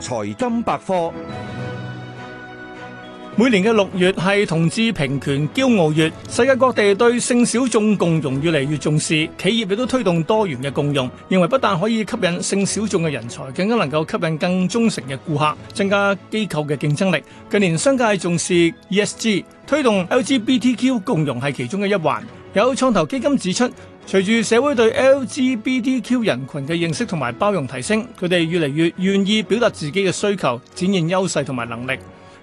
財金百科。每年嘅六月係同志平權驕傲月，世界各地對性小眾共融越嚟越重視，企業亦都推動多元嘅共融，認為不但可以吸引性小眾嘅人才，更加能夠吸引更忠誠嘅顧客，增加機構嘅競爭力。近年商界重視 ESG，推動 LGBTQ 共融係其中嘅一環。有創投基金指出，隨住社會對 LGBTQ 人群嘅認識同埋包容提升，佢哋越嚟越願意表達自己嘅需求，展現優勢同埋能力。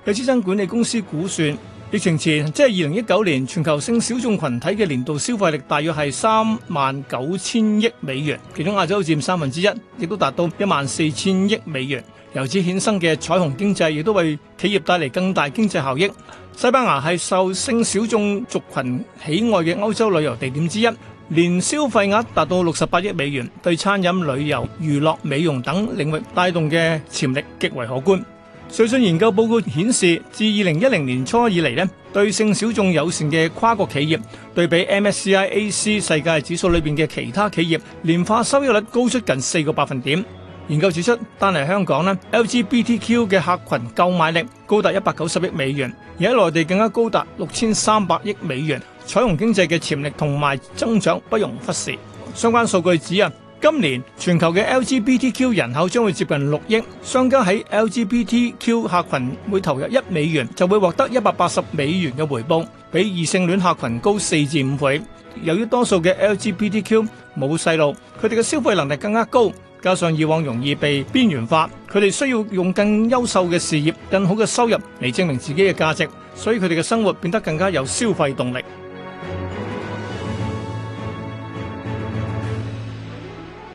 有資產管理公司估算，疫情前即係二零一九年全球性小眾群體嘅年度消費力大約係三萬九千億美元，其中亞洲佔三分之一，亦都達到一萬四千億美元。由此衍生嘅彩虹經濟，亦都為企業帶嚟更大經濟效益。西班牙係受性小眾族群喜愛嘅歐洲旅遊地點之一，年消費額達到六十八億美元，對餐飲、旅遊、娛樂、美容等領域帶動嘅潛力極為可觀。瑞信研究報告顯示，自二零一零年初以嚟咧，對性小眾友善嘅跨國企業，對比 MSCI AC 世界指數裏面嘅其他企業，年化收益率高出近四個百分點。研究指出，單係香港咧，LGBTQ 嘅客群購買力高達一百九十億美元，而喺內地更加高達六千三百億美元。彩虹經濟嘅潛力同埋增長不容忽視。相關數據指今年全球嘅 LGBTQ 人口將會接近六億，商家喺 LGBTQ 客群每投入一美元就會獲得一百八十美元嘅回報，比異性戀客群高四至五倍。由於多數嘅 LGBTQ 冇細路，佢哋嘅消費能力更加高，加上以往容易被邊緣化，佢哋需要用更優秀嘅事業、更好嘅收入嚟證明自己嘅價值，所以佢哋嘅生活變得更加有消費動力。